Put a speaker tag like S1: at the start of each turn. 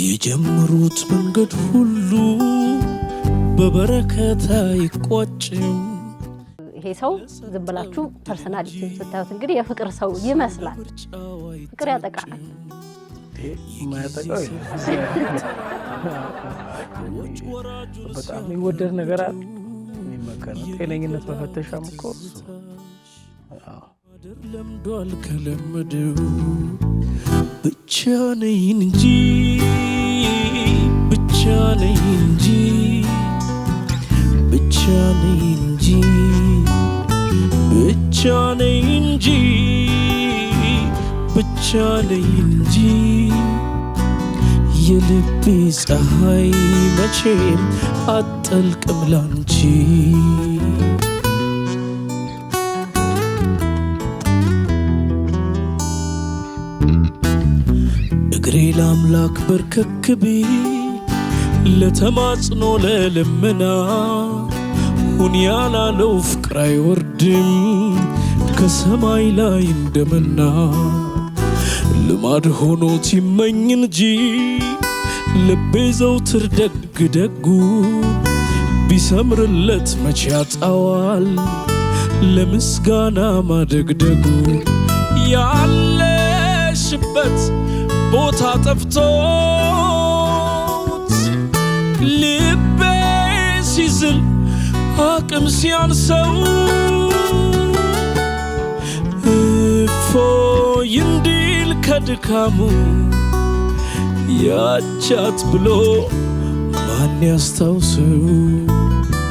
S1: የጀመሩት መንገድ ሁሉ በበረከት አይቋጭም።
S2: ይሄ ሰው ዝም ብላችሁ ፐርሰናሊቲ ስታዩት እንግዲህ የፍቅር ሰው ይመስላል። ፍቅር ያጠቃል።
S3: በጣም የሚወደድ ነገር አለ። ጤነኝነት መፈተሻም እኮ
S1: ለምዷል ከለመደው Bencana inci Bencana inci Bencana inci Bencana inci Bencana inci የልቤ ፀሐይ መቼም አጠልቅም ላንቺ እግሬ ለአምላክ በርክክቢ ለተማጽኖ ለልመና ሁን ያላለው ፍቅር አይወርድም ከሰማይ ላይ እንደመና ልማድ ሆኖት ይመኝ እንጂ ልቤ ዘውትር ደግ ደጉ ቢሰምርለት መቼ ያጣዋል ለምስጋና ማደግደጉ ያለሽበት ቦታ ጠፍቶት ልቤ ሲዝል አቅም ሲያንሰው እፎይ እንዲል ከድካሙ ያቻት ብሎ ማን ያስታውሰው?